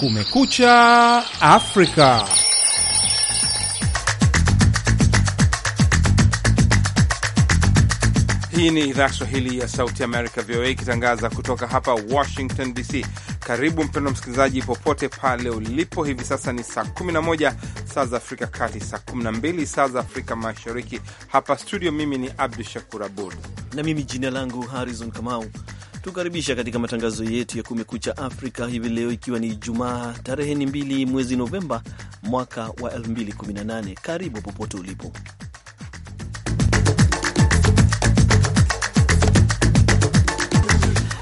Kumekucha Afrika. Hii ni idhaa Kiswahili ya Sauti Amerika, VOA, ikitangaza kutoka hapa Washington DC. Karibu mpendwa msikilizaji, popote pale ulipo. Hivi sasa ni saa 11 saa za Afrika Kati, saa 12 saa za Afrika Mashariki. Hapa studio, mimi ni Abdu Shakur Abud na mimi jina langu Harrison Kamau tukaribisha katika matangazo yetu ya Kumekucha Afrika hivi leo, ikiwa ni Ijumaa tarehe ni mbili mwezi Novemba mwaka wa 2018. Karibu popote ulipo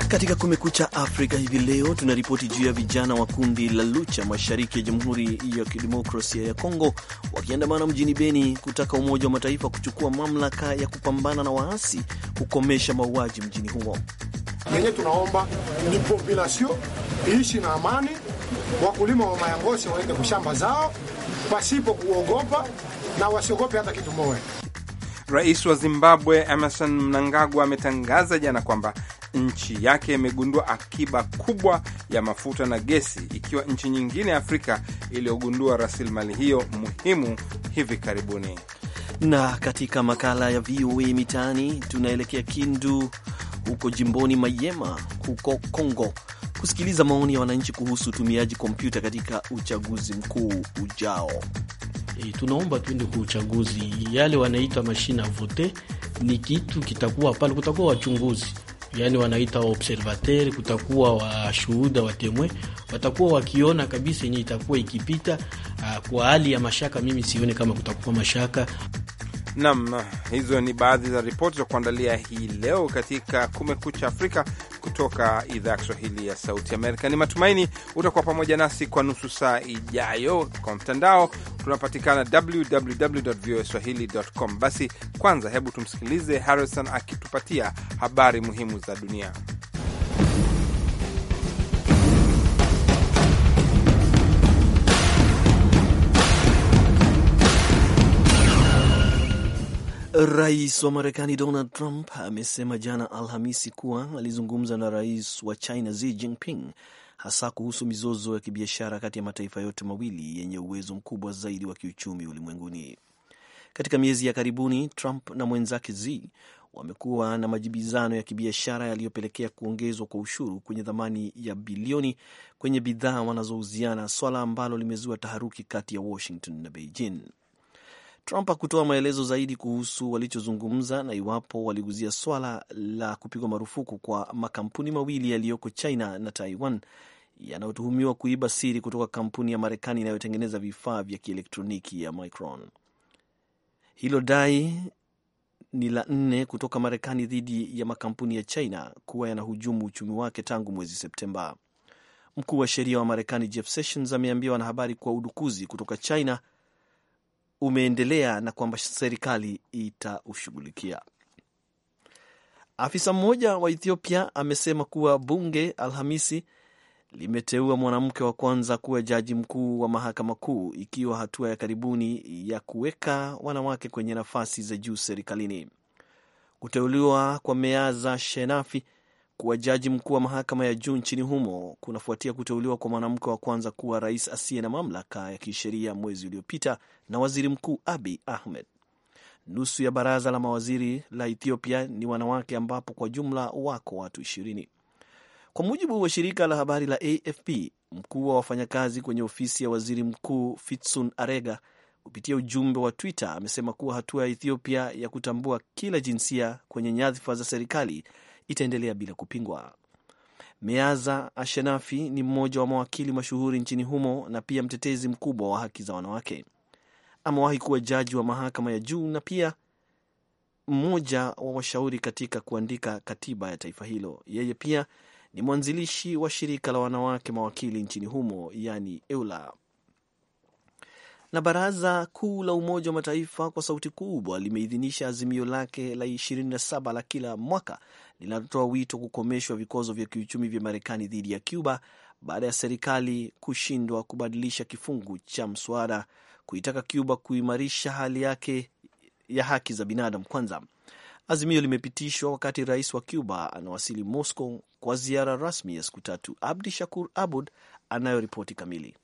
katika Kumekucha Afrika hivi leo, tunaripoti juu ya vijana wa kundi la Lucha mashariki ya Jamhuri ya Kidemokrasia ya Kongo wakiandamana mjini Beni kutaka Umoja wa Mataifa kuchukua mamlaka ya kupambana na waasi, kukomesha mauaji mjini humo yenye tunaomba ni population iishi na amani, wakulima wa mayangosi waende kushamba zao pasipo kuogopa na wasiogope hata kitu moe. Rais wa Zimbabwe Emerson Mnangagwa ametangaza jana kwamba nchi yake imegundua akiba kubwa ya mafuta na gesi, ikiwa nchi nyingine ya Afrika iliyogundua rasilimali hiyo muhimu hivi karibuni. Na katika makala ya VOA Mitaani tunaelekea Kindu huko jimboni Mayema huko congo kusikiliza maoni ya wananchi kuhusu utumiaji kompyuta katika uchaguzi mkuu ujao. E, tunaomba tuende kwa uchaguzi, yale wanaita mashine ya vote ni kitu kitakuwa pale, kutakuwa wachunguzi yaani wanaita waobservater kutakuwa washuhuda watemwe, watakuwa wakiona kabisa yenye itakuwa ikipita. Ah, kwa hali ya mashaka, mimi sione kama kutakuwa mashaka. Nam, hizo ni baadhi za ripoti za kuandalia hii leo katika Kumekucha Afrika kutoka idhaa ya Kiswahili ya Sauti Amerika. Ni matumaini utakuwa pamoja nasi kwa nusu saa ijayo. Kwa mtandao tunapatikana www voa swahili.com. Basi kwanza, hebu tumsikilize Harrison akitupatia habari muhimu za dunia. Rais wa Marekani Donald Trump amesema jana Alhamisi kuwa alizungumza na rais wa China Xi Jinping hasa kuhusu mizozo ya kibiashara kati ya mataifa yote mawili yenye uwezo mkubwa zaidi wa kiuchumi ulimwenguni. Katika miezi ya karibuni, Trump na mwenzake Xi wamekuwa na majibizano ya kibiashara yaliyopelekea kuongezwa kwa ushuru kwenye thamani ya bilioni kwenye bidhaa wanazouziana, swala ambalo limezua taharuki kati ya Washington na Beijing. Trump hakutoa maelezo zaidi kuhusu walichozungumza na iwapo waliguzia swala la kupigwa marufuku kwa makampuni mawili yaliyoko China na Taiwan yanayotuhumiwa kuiba siri kutoka kampuni ya Marekani inayotengeneza vifaa vya kielektroniki ya Micron. Hilo dai ni la nne kutoka Marekani dhidi ya makampuni ya China kuwa yanahujumu uchumi wake tangu mwezi Septemba. Mkuu wa sheria wa Marekani Jeff Sessions ameambia wanahabari kuwa udukuzi kutoka China umeendelea na kwamba serikali itaushughulikia. Afisa mmoja wa Ethiopia amesema kuwa bunge Alhamisi limeteua mwanamke wa kwanza kuwa jaji mkuu wa mahakama kuu, ikiwa hatua ya karibuni ya kuweka wanawake kwenye nafasi za juu serikalini. Kuteuliwa kwa Meaza Shenafi kuwa jaji mkuu wa mahakama ya juu nchini humo kunafuatia kuteuliwa kwa mwanamke wa kwanza kuwa rais asiye na mamlaka ya kisheria mwezi uliopita na waziri mkuu Abiy Ahmed. Nusu ya baraza la mawaziri la Ethiopia ni wanawake ambapo kwa jumla wako watu ishirini, kwa mujibu wa shirika la habari la AFP. Mkuu wa wafanyakazi kwenye ofisi ya waziri mkuu Fitsun Arega kupitia ujumbe wa Twitter amesema kuwa hatua ya Ethiopia ya kutambua kila jinsia kwenye nyadhifa za serikali itaendelea bila kupingwa. Meaza Ashenafi ni mmoja wa mawakili mashuhuri nchini humo na pia mtetezi mkubwa wa haki za wanawake. Amewahi kuwa jaji wa mahakama ya juu na pia mmoja wa washauri katika kuandika katiba ya taifa hilo. Yeye pia ni mwanzilishi wa shirika la wanawake mawakili nchini humo, yani EULA na Baraza Kuu la Umoja wa Mataifa kwa sauti kubwa limeidhinisha azimio lake la 27 la kila mwaka linalotoa wito kukomeshwa vikwazo vya kiuchumi vya Marekani dhidi ya Cuba baada ya serikali kushindwa kubadilisha kifungu cha mswada kuitaka Cuba kuimarisha hali yake ya haki za binadamu kwanza. Azimio limepitishwa wakati rais wa Cuba anawasili Moscow kwa ziara rasmi ya siku tatu. Abdi Shakur Abud anayoripoti kamili.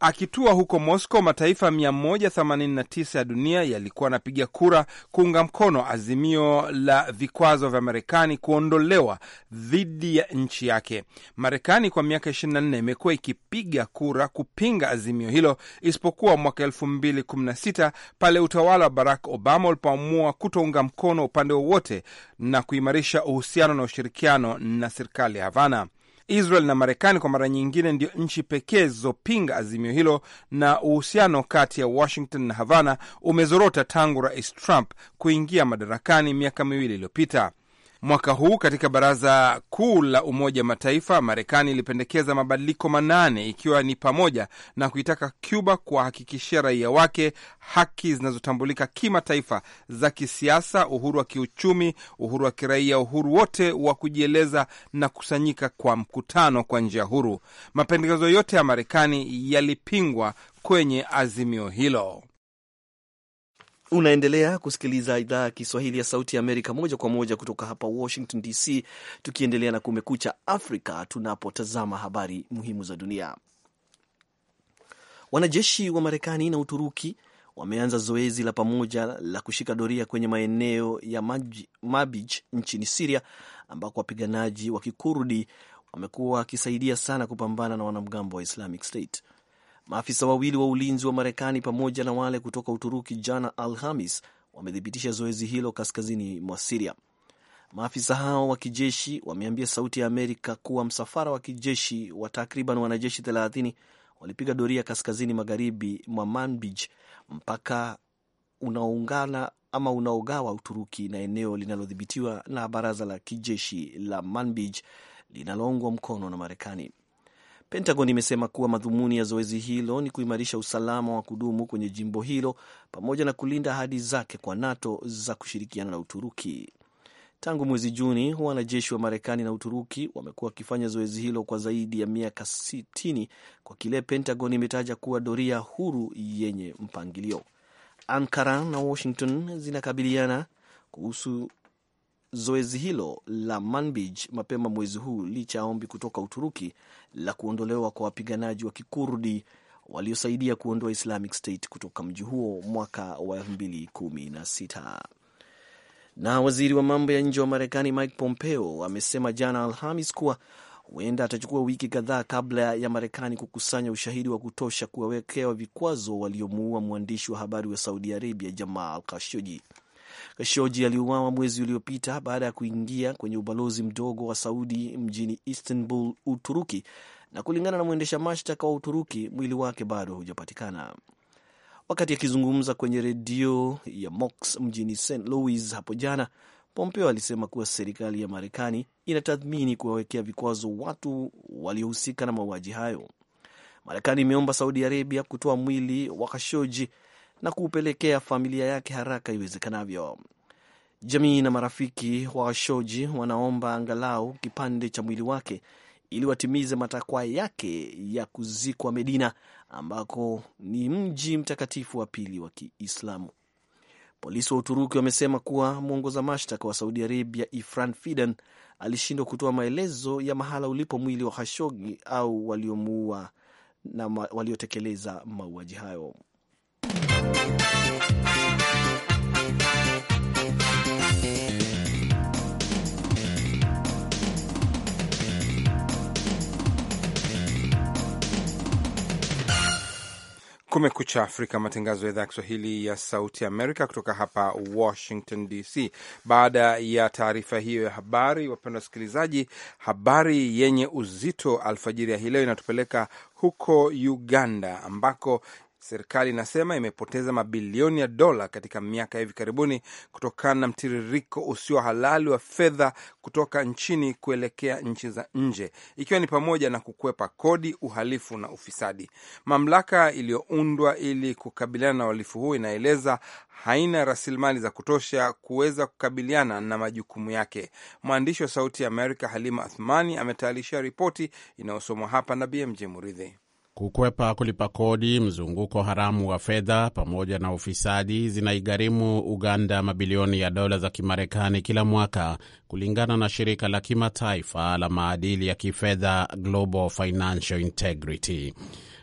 Akitua huko Moscow, mataifa 189 ya dunia yalikuwa anapiga kura kuunga mkono azimio la vikwazo vya Marekani kuondolewa dhidi ya nchi yake. Marekani kwa miaka 24 imekuwa ikipiga kura kupinga azimio hilo, isipokuwa mwaka 2016 pale utawala wa Barack Obama ulipoamua kutounga mkono upande wowote na kuimarisha uhusiano na ushirikiano na serikali ya Havana. Israel na Marekani kwa mara nyingine ndio nchi pekee zilizopinga azimio hilo, na uhusiano kati ya Washington na Havana umezorota tangu Rais Trump kuingia madarakani miaka miwili iliyopita. Mwaka huu katika baraza kuu la Umoja Mataifa, Marekani ilipendekeza mabadiliko manane, ikiwa ni pamoja na kuitaka Cuba kuwahakikishia raia wake haki zinazotambulika kimataifa za kisiasa, uhuru wa kiuchumi, uhuru wa kiraia, uhuru wote wa kujieleza na kusanyika kwa mkutano kwa njia huru. Mapendekezo yote ya Marekani yalipingwa kwenye azimio hilo. Unaendelea kusikiliza idhaa ya Kiswahili ya Sauti ya Amerika moja kwa moja kutoka hapa Washington DC, tukiendelea na Kumekucha Afrika tunapotazama habari muhimu za dunia. Wanajeshi wa Marekani na Uturuki wameanza zoezi la pamoja la kushika doria kwenye maeneo ya Maji, Mabij nchini Siria ambako wapiganaji wa Kikurdi wamekuwa wakisaidia sana kupambana na wanamgambo wa Islamic State. Maafisa wawili wa ulinzi wa Marekani pamoja na wale kutoka Uturuki jana Alhamis wamethibitisha zoezi hilo kaskazini mwa Siria. Maafisa hao wa kijeshi wameambia Sauti ya Amerika kuwa msafara wa kijeshi wa takriban wanajeshi 30 walipiga doria kaskazini magharibi mwa Manbij, mpaka unaoungana ama unaogawa Uturuki na eneo linalodhibitiwa na baraza la kijeshi la Manbij linaloungwa mkono na Marekani. Pentagon imesema kuwa madhumuni ya zoezi hilo ni kuimarisha usalama wa kudumu kwenye jimbo hilo pamoja na kulinda ahadi zake kwa NATO za kushirikiana na Uturuki. Tangu mwezi Juni, wanajeshi wa Marekani na Uturuki wamekuwa wakifanya zoezi hilo kwa zaidi ya miaka 60 kwa kile Pentagon imetaja kuwa doria huru yenye mpangilio. Ankara na Washington zinakabiliana kuhusu zoezi hilo la Manbij mapema mwezi huu licha ya ombi kutoka Uturuki la kuondolewa kwa wapiganaji wa Kikurdi waliosaidia kuondoa Islamic State kutoka mji huo mwaka wa 2016. Na waziri wa mambo ya nje wa Marekani Mike Pompeo amesema jana Alhamis kuwa huenda atachukua wiki kadhaa kabla ya Marekani kukusanya ushahidi wa kutosha kuwawekewa vikwazo waliomuua mwandishi wa habari wa Saudi Arabia Jamal Khashoggi. Kashoji aliuawa mwezi uliopita baada ya kuingia kwenye ubalozi mdogo wa Saudi mjini Istanbul, Uturuki, na kulingana na mwendesha mashtaka wa Uturuki, mwili wake bado haujapatikana. Wakati akizungumza kwenye redio ya Vox mjini St Louis hapo jana, Pompeo alisema kuwa serikali ya Marekani inatathmini kuwawekea vikwazo watu waliohusika na mauaji hayo. Marekani imeomba Saudi Arabia kutoa mwili wa Kashoji na kuupelekea familia yake haraka iwezekanavyo. Jamii na marafiki wa Washoji wanaomba angalau kipande cha mwili wake ili watimize matakwa yake ya kuzikwa Medina, ambako ni mji mtakatifu wa pili wa Kiislamu. Polisi wa Uturuki wamesema kuwa mwongoza mashtaka wa Saudi Arabia Ifran Fidan alishindwa kutoa maelezo ya mahala ulipo mwili wa Khashogi au waliomuua na waliotekeleza mauaji hayo. Kumekucha Afrika, matangazo ya idhaa ya Kiswahili ya Sauti Amerika kutoka hapa Washington DC. Baada ya taarifa hiyo ya habari, wapenda wasikilizaji, habari yenye uzito alfajiri ya hii leo inatupeleka huko Uganda ambako Serikali inasema imepoteza mabilioni ya dola katika miaka ya hivi karibuni kutokana na mtiririko usio halali wa fedha kutoka nchini kuelekea nchi za nje, ikiwa ni pamoja na kukwepa kodi, uhalifu na ufisadi. Mamlaka iliyoundwa ili kukabiliana na uhalifu huu inaeleza haina rasilimali za kutosha kuweza kukabiliana na majukumu yake. Mwandishi wa Sauti ya Amerika Halima Athmani ametayarisha ripoti inayosomwa hapa na BMJ Muridhi kukwepa kulipa kodi, mzunguko haramu wa fedha pamoja na ufisadi zinaigharimu Uganda mabilioni ya dola za Kimarekani kila mwaka, kulingana na shirika la kimataifa la maadili ya kifedha Global Financial Integrity.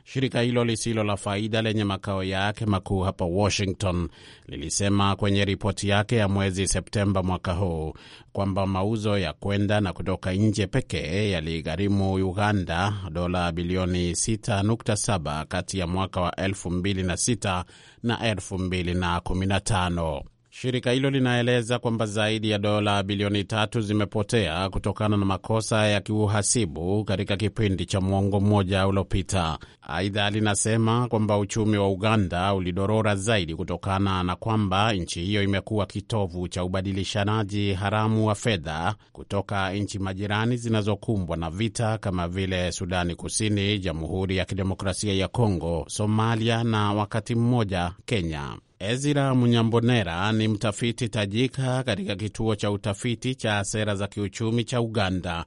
Shirika hilo lisilo la faida lenye makao yake makuu hapa Washington lilisema kwenye ripoti yake ya mwezi Septemba mwaka huu kwamba mauzo ya kwenda na kutoka nje pekee yaligharimu Uganda dola bilioni 6.7 kati ya mwaka wa 2006 na 2015. Shirika hilo linaeleza kwamba zaidi ya dola bilioni tatu zimepotea kutokana na makosa ya kiuhasibu katika kipindi cha mwongo mmoja uliopita. Aidha, linasema kwamba uchumi wa Uganda ulidorora zaidi kutokana na kwamba nchi hiyo imekuwa kitovu cha ubadilishanaji haramu wa fedha kutoka nchi majirani zinazokumbwa na vita kama vile Sudani Kusini, Jamhuri ya Kidemokrasia ya Kongo, Somalia na wakati mmoja Kenya. ezira Munyambonera ni mtafiti tajika katika kituo cha utafiti cha sera za kiuchumi cha Uganda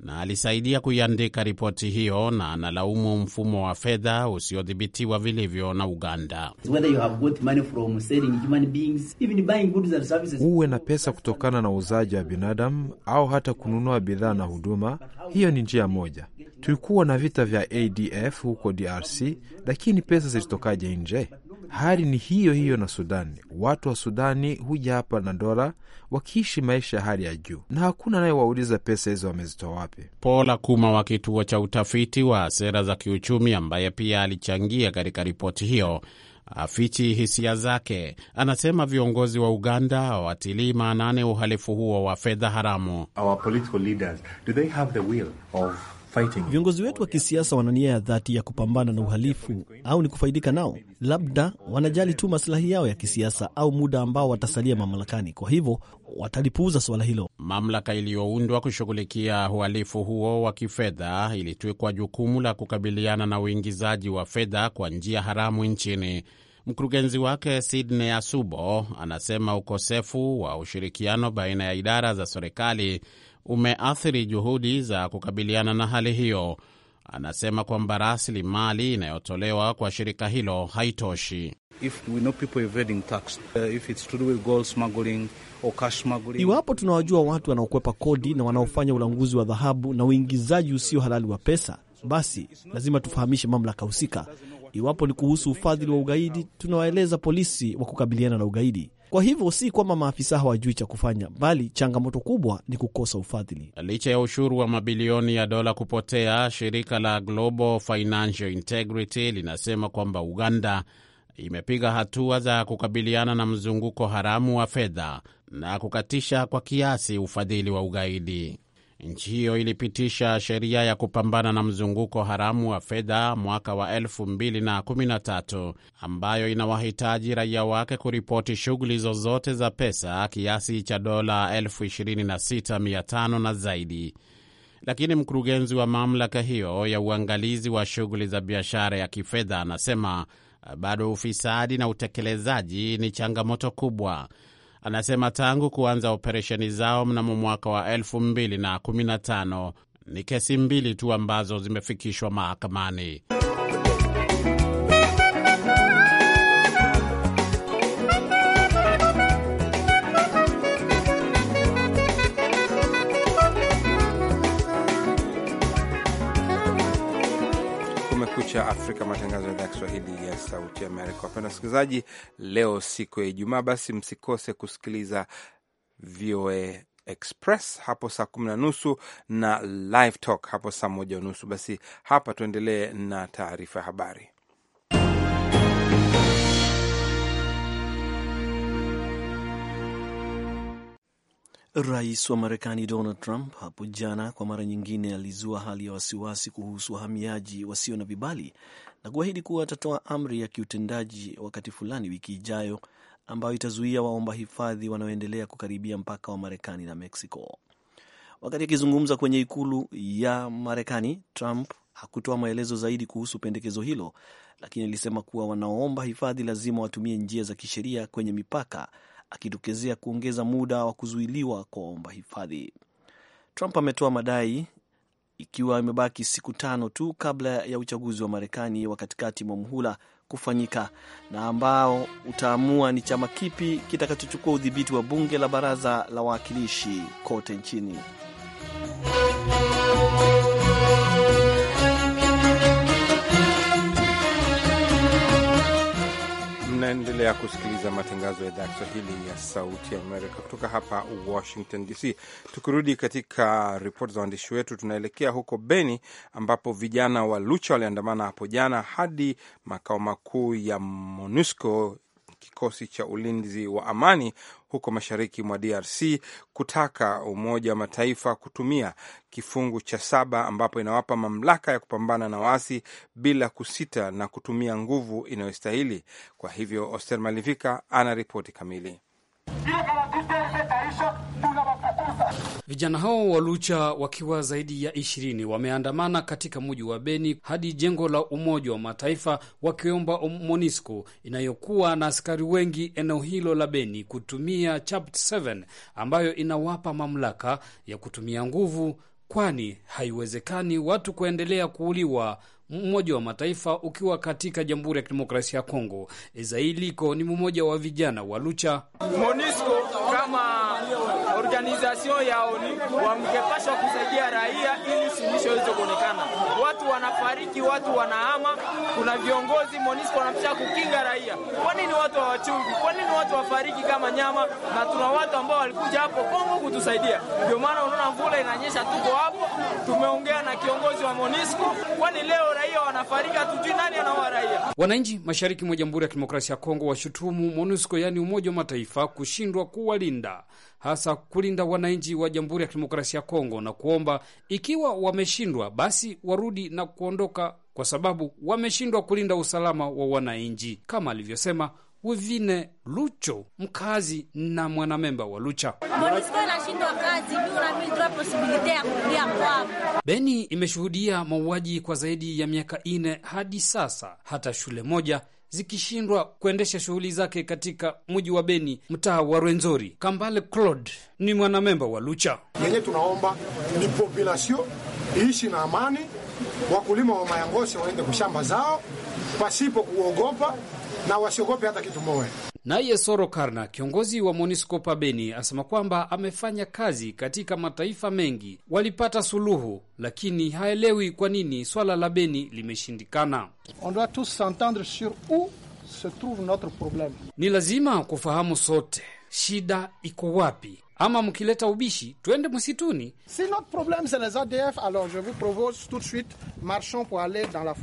na alisaidia kuiandika ripoti hiyo na analaumu mfumo wa fedha usiodhibitiwa vilivyo na Uganda. uwe na pesa kutokana na uuzaji wa binadamu au hata kununua bidhaa na huduma, hiyo ni njia moja. Tulikuwa na vita vya ADF huko DRC, lakini pesa zilitokaje nje? Hali ni hiyo hiyo na Sudani. Watu wa Sudani huja hapa na dola, wakiishi maisha ya hali ya juu, na hakuna anayewauliza pesa hizo wamezitoa wapi. Paul Akuma wa kituo cha utafiti wa sera za kiuchumi, ambaye pia alichangia katika ripoti hiyo, afichi hisia zake. Anasema viongozi wa Uganda hawatilii maanane uhalifu huo wa fedha haramu. Our Viongozi wetu wa kisiasa wana nia ya dhati ya kupambana na uhalifu au ni kufaidika nao? Labda wanajali tu masilahi yao ya kisiasa au muda ambao watasalia mamlakani, kwa hivyo watalipuuza suala hilo. Mamlaka iliyoundwa kushughulikia uhalifu huo wa kifedha ilitwikwa jukumu la kukabiliana na uingizaji wa fedha kwa njia haramu nchini. Mkurugenzi wake Sydney Asubo anasema ukosefu wa ushirikiano baina ya idara za serikali umeathiri juhudi za kukabiliana na hali hiyo. Anasema kwamba rasilimali inayotolewa kwa shirika hilo haitoshi. Uh, Iwapo tunawajua watu wanaokwepa kodi na wanaofanya ulanguzi wa dhahabu na uingizaji usio halali wa pesa, basi lazima tufahamishe mamlaka husika Iwapo ni kuhusu ufadhili wa ugaidi, tunawaeleza polisi wa kukabiliana na ugaidi. Kwa hivyo si kwamba maafisa hawajui cha kufanya, bali changamoto kubwa ni kukosa ufadhili. Licha ya ushuru wa mabilioni ya dola kupotea, shirika la Global Financial Integrity linasema kwamba Uganda imepiga hatua za kukabiliana na mzunguko haramu wa fedha na kukatisha kwa kiasi ufadhili wa ugaidi. Nchi hiyo ilipitisha sheria ya kupambana na mzunguko haramu wa fedha mwaka wa 2013 ambayo inawahitaji raia wake kuripoti shughuli zozote za pesa kiasi cha dola 26,500 na zaidi. Lakini mkurugenzi wa mamlaka hiyo ya uangalizi wa shughuli za biashara ya kifedha anasema bado ufisadi na utekelezaji ni changamoto kubwa anasema tangu kuanza operesheni zao mnamo mwaka wa 2015 ni kesi mbili tu ambazo zimefikishwa mahakamani. Kumekucha Afrika, matangazo ya idhaa ya Kiswahili ya Sauti Amerika. Wapenda wasikilizaji, leo siku ya Ijumaa, basi msikose kusikiliza VOA Express hapo saa kumi na nusu na Live Talk hapo saa moja unusu. Basi hapa tuendelee na taarifa ya habari. Rais wa Marekani Donald Trump hapo jana kwa mara nyingine alizua hali ya wasiwasi kuhusu wahamiaji wasio na vibali na kuahidi kuwa atatoa amri ya kiutendaji wakati fulani wiki ijayo ambayo itazuia waomba hifadhi wanaoendelea kukaribia mpaka wa Marekani na Mexico. Wakati akizungumza kwenye ikulu ya Marekani, Trump hakutoa maelezo zaidi kuhusu pendekezo hilo, lakini alisema kuwa wanaoomba hifadhi lazima watumie njia za kisheria kwenye mipaka akidokezea kuongeza muda wa kuzuiliwa kwa waomba hifadhi. Trump ametoa madai ikiwa imebaki siku tano tu kabla ya uchaguzi wa Marekani wa katikati mwa muhula kufanyika na ambao utaamua ni chama kipi kitakachochukua udhibiti wa bunge la baraza la wawakilishi kote nchini. Unaendelea kusikiliza matangazo ya idhaa ya Kiswahili ya Sauti ya Amerika kutoka hapa Washington DC. Tukirudi katika ripoti za waandishi wetu, tunaelekea huko Beni ambapo vijana wa Lucha waliandamana hapo jana hadi makao makuu ya MONUSCO, kikosi cha ulinzi wa amani, huko mashariki mwa DRC kutaka Umoja wa Mataifa kutumia kifungu cha saba ambapo inawapa mamlaka ya kupambana na waasi bila kusita na kutumia nguvu inayostahili. Kwa hivyo, Oster Malivika ana ripoti kamili. Vijana hao wa Lucha wakiwa zaidi ya ishirini wameandamana katika muji wa Beni hadi jengo la Umoja wa Mataifa wakiomba um, MONUSCO inayokuwa na askari wengi eneo hilo la Beni kutumia Chapter 7 ambayo inawapa mamlaka ya kutumia nguvu, kwani haiwezekani watu kuendelea kuuliwa mmoja wa Mataifa ukiwa katika Jamhuri ya Kidemokrasia ya Kongo. Ezailiko ni mmoja wa vijana wa Lucha. MONUSCO kama organisation ya ONU wangepaswa kusaidia raia ili suluhisho hizo kuonekana. Watu wanafariki, watu wanahama, kuna viongozi MONUSCO wanapisha kukinga raia. Kwa nini watu hawachungi? Kwa nini watu wafariki kama nyama? Na tuna watu ambao walikuja hapo Kongo kutusaidia, ndio maana unaona mvula inanyesha, tuko hapo, tumeongea na kiongozi wa MONUSCO. Kwani leo raia wanafarika, tujui nani anaua raia? Wananchi mashariki mwa Jamhuri ya Kidemokrasia ya Kongo washutumu MONUSCO, yaani Umoja wa Mataifa, kushindwa kuwalinda, hasa kulinda wananchi wa Jamhuri ya Kidemokrasia ya Kongo na kuomba ikiwa wa wameshindwa, basi warudi na kuondoka, kwa sababu wameshindwa kulinda usalama wa wananchi, kama alivyosema Wivine Lucho, mkazi na mwanamemba wa Lucha. Beni imeshuhudia mauaji kwa zaidi ya miaka ine hadi sasa, hata shule moja zikishindwa kuendesha shughuli zake katika mji wa Beni, mtaa wa Rwenzori. Kambale Claude ni mwanamemba wa Lucha. Yenye tunaomba ni iishi na amani, wakulima wa Mayangose waende kushamba zao pasipo kuogopa na wasiogope hata kitu moja. Naye Soro Karna, kiongozi wa MONUSCO beni asema kwamba amefanya kazi katika mataifa mengi, walipata suluhu, lakini haelewi kwa nini swala la Beni limeshindikana. On doit tous s'entendre sur ou se trouve notre Ni lazima kufahamu sote shida iko wapi ama mkileta ubishi twende msituni. Si notre probleme c'est les ADF alors je vous propose tout de suite marchons pour aller dans la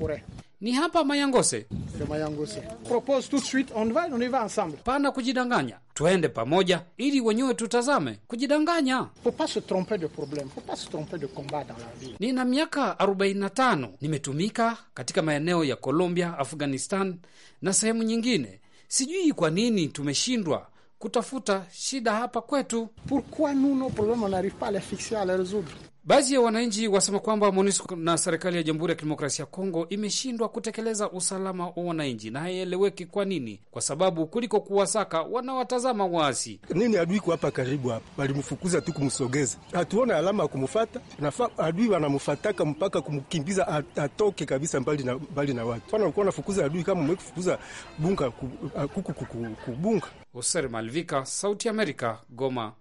Ni hapa Mayangose, Mayangose. Propose tout de suite on va, on va ensemble. Pana kujidanganya, twende pamoja ili wenyewe tutazame. Kujidanganya, faut pas se tromper de probleme, faut pas se tromper de combat dans la vie. Nina miaka 45 nimetumika katika maeneo ya Colombia, Afghanistan na sehemu nyingine. Sijui kwa nini tumeshindwa kutafuta shida hapa kwetu. Pourquoi nous nos problèmes on n'arrive pas a les fixer a les résoudre Baadhi ya wananchi wasema kwamba MONUSCO na serikali ya Jamhuri ya Kidemokrasia ya Kongo imeshindwa kutekeleza usalama wa wananchi na haieleweki kwa nini, kwa sababu kuliko kuwasaka wanawatazama waasi. Nini adui kwa hapa karibu hapa, walimfukuza tu kumsogeza, hatuona alama ya kumfata nafa. Adui wanamfataka mpaka kumkimbiza atoke kabisa mbali na, mbali na watu fana ulikuwa nafukuza adui kama mwekufukuza bunga kuku kubunga. Hoser Malvika, Sauti Amerika, Goma.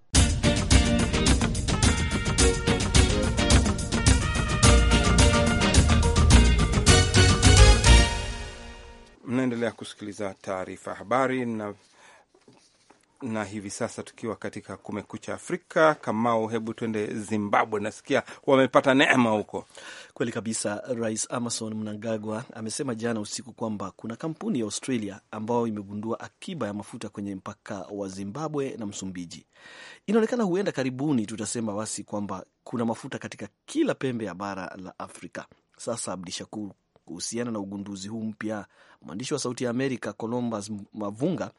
Unaendelea kusikiliza taarifa ya habari na, na hivi sasa tukiwa katika Kumekucha Afrika. Kamau, hebu tuende Zimbabwe, nasikia wamepata neema huko. Kweli kabisa. Rais Emmerson Mnangagwa amesema jana usiku kwamba kuna kampuni ya Australia ambayo imegundua akiba ya mafuta kwenye mpaka wa Zimbabwe na Msumbiji. Inaonekana huenda karibuni tutasema wasi kwamba kuna mafuta katika kila pembe ya bara la Afrika. Sasa Abdishakur, kuhusiana na ugunduzi huu mpya Mwandishi wa Sauti ya Amerika Columbus Mavunga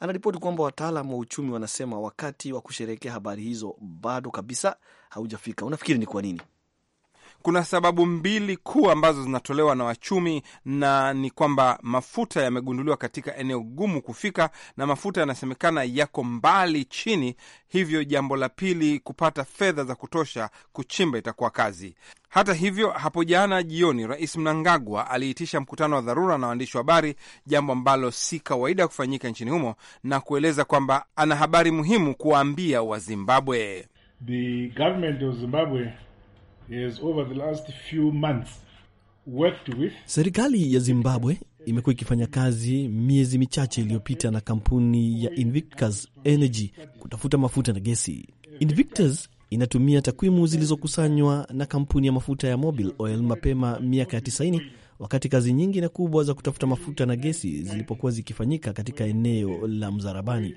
anaripoti kwamba wataalam wa uchumi wanasema wakati wa kusherehekea habari hizo bado kabisa haujafika. Unafikiri ni kwa nini? Kuna sababu mbili kuu ambazo zinatolewa na wachumi, na ni kwamba mafuta yamegunduliwa katika eneo gumu kufika, na mafuta yanasemekana yako mbali chini. Hivyo jambo la pili, kupata fedha za kutosha kuchimba itakuwa kazi. Hata hivyo, hapo jana jioni, Rais Mnangagwa aliitisha mkutano wa dharura na waandishi wa habari, jambo ambalo si kawaida kufanyika nchini humo, na kueleza kwamba ana habari muhimu kuwaambia Wazimbabwe. The government of Zimbabwe over the last few months, worked with... Serikali ya Zimbabwe imekuwa ikifanya kazi miezi michache iliyopita na kampuni ya Invictus Energy kutafuta mafuta na gesi. Invictus inatumia takwimu zilizokusanywa na kampuni ya mafuta ya Mobil Oil mapema miaka ya 90 wakati kazi nyingi na kubwa za kutafuta mafuta na gesi zilipokuwa zikifanyika katika eneo la Mzarabani,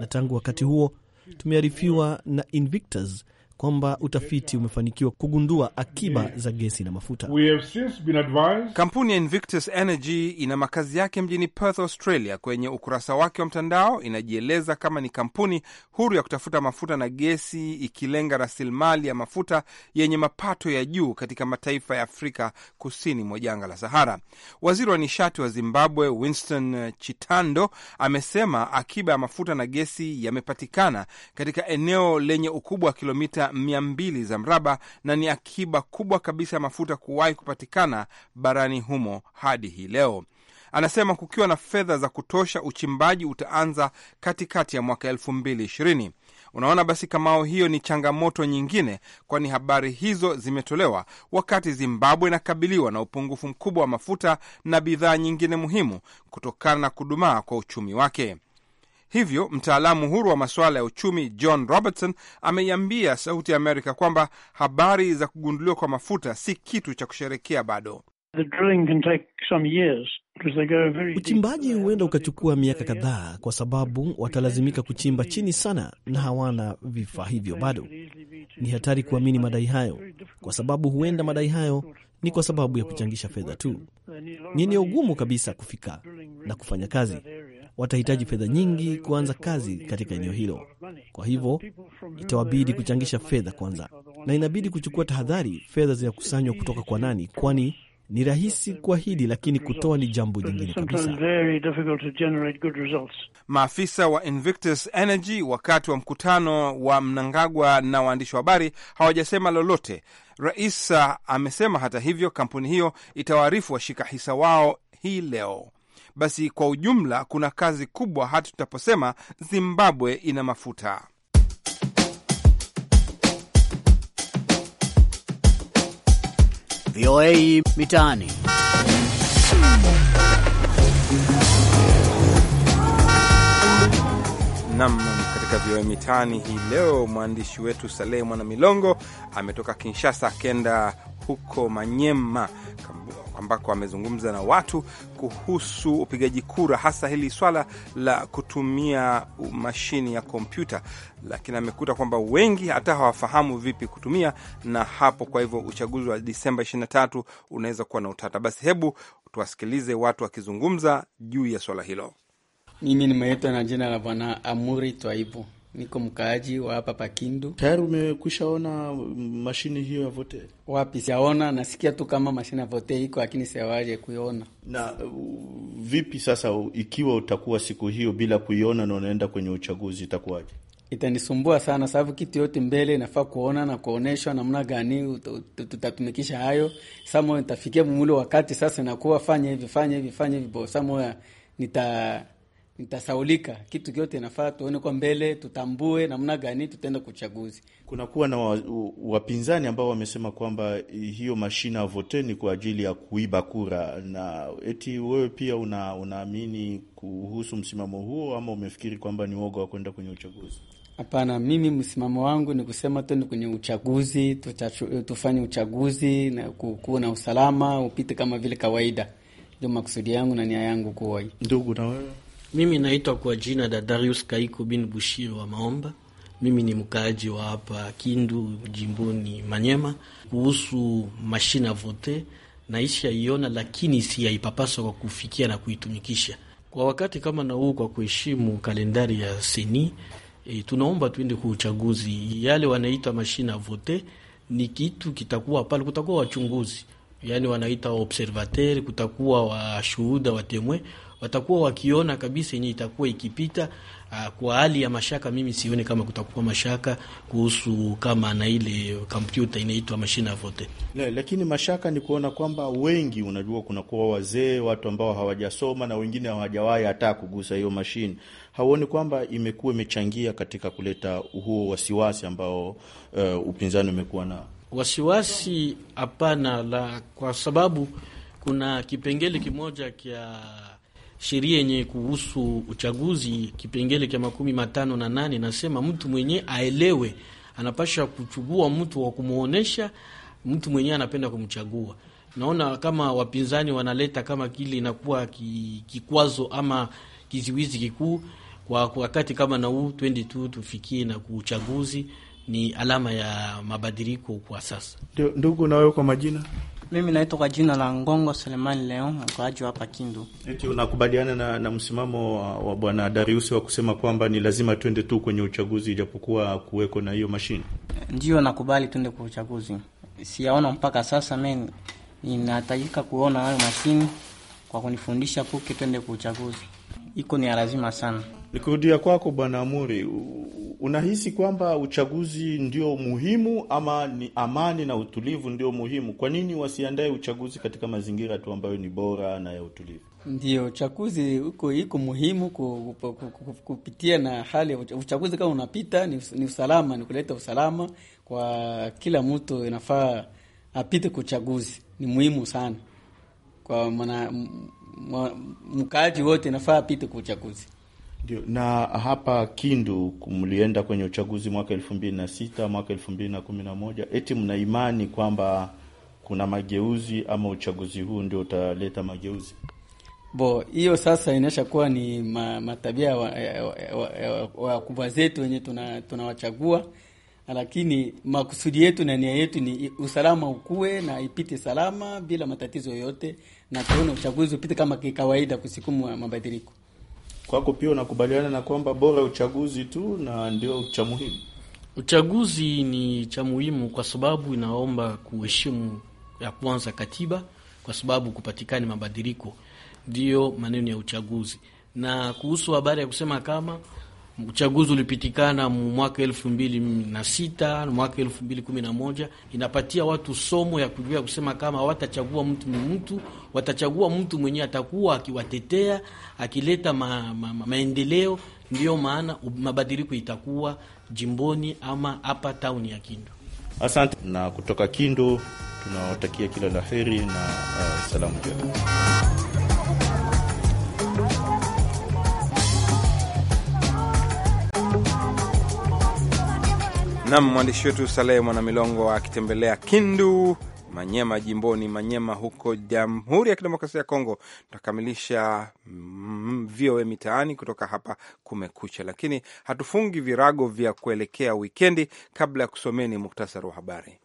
na tangu wakati huo tumearifiwa na Invictus kwamba utafiti umefanikiwa kugundua akiba za gesi na mafuta. Kampuni ya Invictus Energy ina makazi yake mjini Perth, Australia. Kwenye ukurasa wake wa mtandao inajieleza kama ni kampuni huru ya kutafuta mafuta na gesi, ikilenga rasilimali ya mafuta yenye mapato ya juu katika mataifa ya Afrika kusini mwa janga la Sahara. Waziri wa nishati wa Zimbabwe Winston Chitando amesema akiba ya mafuta na gesi yamepatikana katika eneo lenye ukubwa wa kilomita mia mbili za mraba na ni akiba kubwa kabisa ya mafuta kuwahi kupatikana barani humo hadi hii leo. Anasema kukiwa na fedha za kutosha, uchimbaji utaanza katikati ya mwaka elfu mbili ishirini. Unaona basi, kamao hiyo ni changamoto nyingine, kwani habari hizo zimetolewa wakati Zimbabwe inakabiliwa na upungufu mkubwa wa mafuta na bidhaa nyingine muhimu kutokana na kudumaa kwa uchumi wake. Hivyo mtaalamu huru wa masuala ya uchumi John Robertson ameiambia Sauti ya Amerika kwamba habari za kugunduliwa kwa mafuta si kitu cha kusherekea bado. Uchimbaji huenda ukachukua miaka kadhaa, kwa sababu watalazimika kuchimba chini sana na hawana vifaa hivyo bado. Ni hatari kuamini madai hayo, kwa sababu huenda madai hayo ni kwa sababu ya kuchangisha fedha tu. Ni eneo gumu kabisa kufika na kufanya kazi watahitaji fedha nyingi kuanza kazi katika eneo hilo. Kwa hivyo itawabidi kuchangisha fedha kwanza, na inabidi kuchukua tahadhari, fedha zinakusanywa kutoka kwa nani, kwani ni rahisi kuahidi, lakini kutoa ni jambo jingine kabisa. Maafisa wa Invictus Energy wakati wa mkutano wa Mnangagwa na waandishi wa habari hawajasema lolote. Rais ah, amesema hata hivyo, kampuni hiyo itawaarifu washika hisa wao hii leo basi kwa ujumla kuna kazi kubwa, hata tutaposema Zimbabwe ina mafuta. VOA Mitaani. Nam, katika VOA Mitaani hii leo mwandishi wetu Salehe Mwana Milongo ametoka Kinshasa akenda huko Manyema ambako amezungumza na watu kuhusu upigaji kura, hasa hili swala la kutumia mashini ya kompyuta, lakini amekuta kwamba wengi hata hawafahamu vipi kutumia, na hapo kwa hivyo uchaguzi wa Disemba 23 unaweza kuwa na utata. Basi hebu tuwasikilize watu wakizungumza juu ya swala hilo. Mimi nimeitwa na jina la Bwana Amuri Twaibu. Niko mkaaji wa hapa Pakindu. Tayari umekwisha ona mashini hiyo ya vote? Wapi, siaona, nasikia tu kama mashine ya vote iko, lakini siawaje kuiona. Na uh, vipi sasa, ikiwa utakuwa siku hiyo bila kuiona na unaenda kwenye uchaguzi itakuwaje? Itanisumbua sana sababu kitu yote mbele inafaa kuona na kuonyeshwa namna gani tutatumikisha hayo. Samo nitafikia mumulo wakati sasa nakuwa fanya hivi fanya hivi fanya hivi, bo samo nita nitasaulika kitu kyote. Nafaa tuone kwa mbele, tutambue namna gani tutaenda kuchaguzi. Kunakuwa na wa, wapinzani ambao wamesema kwamba hiyo mashine ya vote ni kwa ajili ya kuiba kura, na eti wewe pia una, unaamini kuhusu msimamo huo ama umefikiri kwamba ni woga wa kwenda kwenye uchaguzi? Hapana, mimi msimamo wangu ni kusema tuende kwenye uchaguzi, tufanye uchaguzi na kuwa na usalama upite kama vile kawaida. Ndio makusudi yangu na nia yangu kuwa. Ndugu na wewe mimi naitwa kwa jina da Darius Kaiko bin Bushiri wa Maomba. Mimi ni mkaaji wa hapa Kindu, jimboni Manyema. Kuhusu mashine ya vote naishi yaiona, lakini yaipapaswa kwa kufikia na kuitumikisha kwa wakati kama na huu, kwa kuheshimu kalendari ya seni. E, tunaomba tuende kwa uchaguzi. Yale wanaita mashine ya vote ni kitu kitakuwa pale, kutakuwa wachunguzi, yani wanaita observateri, kutakuwa washuhuda watemwe watakuwa wakiona kabisa yenye itakuwa ikipita. Ah, kwa hali ya mashaka, mimi sione kama kutakuwa mashaka kuhusu kama na ile kompyuta inaitwa mashine vote Le, lakini mashaka ni kuona kwamba wengi, unajua, kunakuwa wazee, watu ambao hawajasoma na wengine hawajawahi hata kugusa hiyo mashine. Hauoni kwamba imekuwa imechangia katika kuleta huo wasiwasi ambao uh, upinzani umekuwa nao? Wasiwasi hapana, la kwa sababu kuna kipengele kimoja kya sheria yenye kuhusu uchaguzi kipengele cha makumi matano na nane nasema mtu mwenye aelewe anapasha kuchugua mtu wa kumwonyesha mtu mwenyewe anapenda kumchagua. Naona kama wapinzani wanaleta kama kile inakuwa kikwazo ama kiziwizi kikuu kwa wakati kama na huu tu tufikie na kuuchaguzi, ni alama ya mabadiliko kwa sasa. Ndugu, nawe kwa majina mimi naitwa kwa jina la Ngongo Selemani Leon, mkaaji hapa Kindu. Eti unakubaliana na, na msimamo wa, wa bwana Darius wa kusema kwamba ni lazima twende tu kwenye uchaguzi ijapokuwa kuweko na hiyo mashine? Ndio, nakubali twende kwa uchaguzi. Siyaona mpaka sasa mimi ninahitajika kuona hayo mashine kwa kunifundisha puke, twende kwa uchaguzi, iko ni lazima sana. Nikurudia kwako Bwana Amuri, unahisi kwamba uchaguzi ndio muhimu ama ni amani na utulivu ndio muhimu? Kwa nini wasiandae uchaguzi katika mazingira tu ambayo ni bora na ya utulivu? Ndio, uchaguzi huko iko muhimu kupitia na hali ya uchaguzi, kama unapita ni usalama, ni kuleta usalama kwa kila mtu, inafaa apite kwa uchaguzi, ni muhimu sana kwa mkaaji wote, inafaa apite kwa uchaguzi. Ndio, na hapa Kindu mlienda kwenye uchaguzi mwaka elfu mbili na sita mwaka elfu mbili na kumi na moja eti mna imani kwamba kuna mageuzi ama uchaguzi huu ndio utaleta mageuzi? Bo, hiyo sasa inaisha kuwa ni ma, matabia wakubwa zetu wenye tunawachagua tuna, lakini makusudi yetu na nia yetu ni usalama ukue na ipite salama bila matatizo yoyote, na tuone uchaguzi upite kama kikawaida, kusikumu mabadiliko kwako pia unakubaliana na kwamba bora uchaguzi tu na ndio cha muhimu? Uchaguzi ni cha muhimu kwa sababu inaomba kuheshimu ya kwanza katiba, kwa sababu kupatikani mabadiliko ndiyo maneno ya uchaguzi. Na kuhusu habari ya kusema kama Uchaguzi ulipitikana mwaka elfu mbili na sita mwaka elfu mbili kumi na moja inapatia watu somo ya kujua kusema kama watachagua mtu ni mtu, watachagua mtu mwenyewe atakuwa akiwatetea akileta ma, ma, ma, maendeleo. Ndiyo maana mabadiliko itakuwa jimboni ama hapa tauni ya Kindu. Asante na kutoka Kindu tunawatakia kila la heri na uh, salamu jema Nam mwandishi wetu Salehe Mwanamilongo akitembelea Kindu, Manyema, jimboni Manyema huko Jamhuri ya Kidemokrasia ya Kongo. Tutakamilisha mm, VOA Mitaani kutoka hapa Kumekucha, lakini hatufungi virago vya kuelekea wikendi kabla ya kusomeni muktasari wa habari.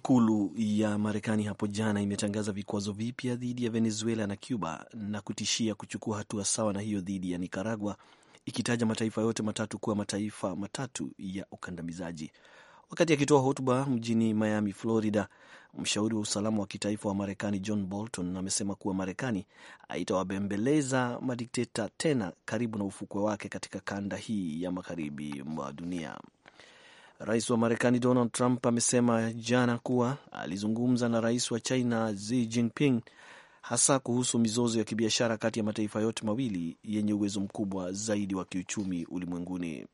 Ikulu ya Marekani hapo jana imetangaza vikwazo vipya dhidi ya Venezuela na Cuba na kutishia kuchukua hatua sawa na hiyo dhidi ya Nicaragua, ikitaja mataifa yote matatu kuwa mataifa matatu ya ukandamizaji. Wakati akitoa hotuba mjini Miami, Florida, mshauri wa usalama wa kitaifa wa Marekani John Bolton amesema kuwa Marekani haitawabembeleza madikteta tena karibu na ufukwe wake katika kanda hii ya magharibi mwa dunia. Rais wa Marekani Donald Trump amesema jana kuwa alizungumza na rais wa China Xi Jinping hasa kuhusu mizozo ya kibiashara kati ya mataifa yote mawili yenye uwezo mkubwa zaidi wa kiuchumi ulimwenguni.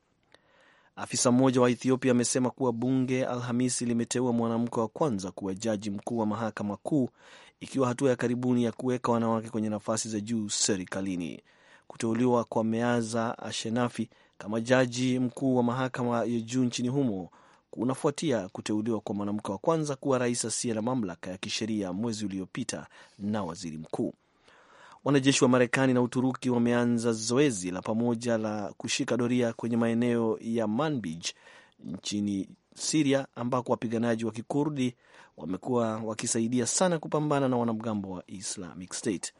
Afisa mmoja wa Ethiopia amesema kuwa bunge Alhamisi limeteua mwanamke wa kwanza kuwa jaji mkuu wa mahakama kuu, ikiwa hatua ya karibuni ya kuweka wanawake kwenye nafasi za juu serikalini. Kuteuliwa kwa Meaza Ashenafi kama jaji mkuu wa mahakama ya juu nchini humo unafuatia kuteuliwa kwa mwanamke wa kwanza kuwa rais asiye na mamlaka ya kisheria mwezi uliopita na waziri mkuu. Wanajeshi wa Marekani na Uturuki wameanza zoezi la pamoja la kushika doria kwenye maeneo ya Manbij nchini Siria, ambako wapiganaji wa Kikurdi wamekuwa wakisaidia sana kupambana na wanamgambo wa Islamic State.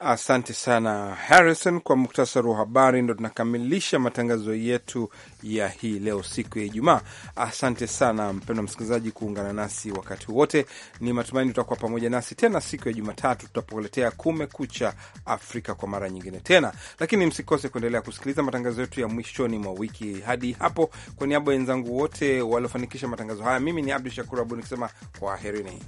Asante sana Harrison kwa muktasari wa habari. Ndo tunakamilisha matangazo yetu ya hii leo, siku ya Ijumaa. Asante sana mpendwa msikilizaji kuungana nasi wakati wote. Ni matumaini tutakuwa pamoja nasi tena siku ya Jumatatu tutapoletea Kumekucha Afrika kwa mara nyingine tena, lakini msikose kuendelea kusikiliza matangazo yetu ya mwishoni mwa wiki. Hadi hapo, kwa niaba ya wenzangu wote waliofanikisha matangazo haya, mimi ni Abdu Shakur Abu nikisema kwaherini.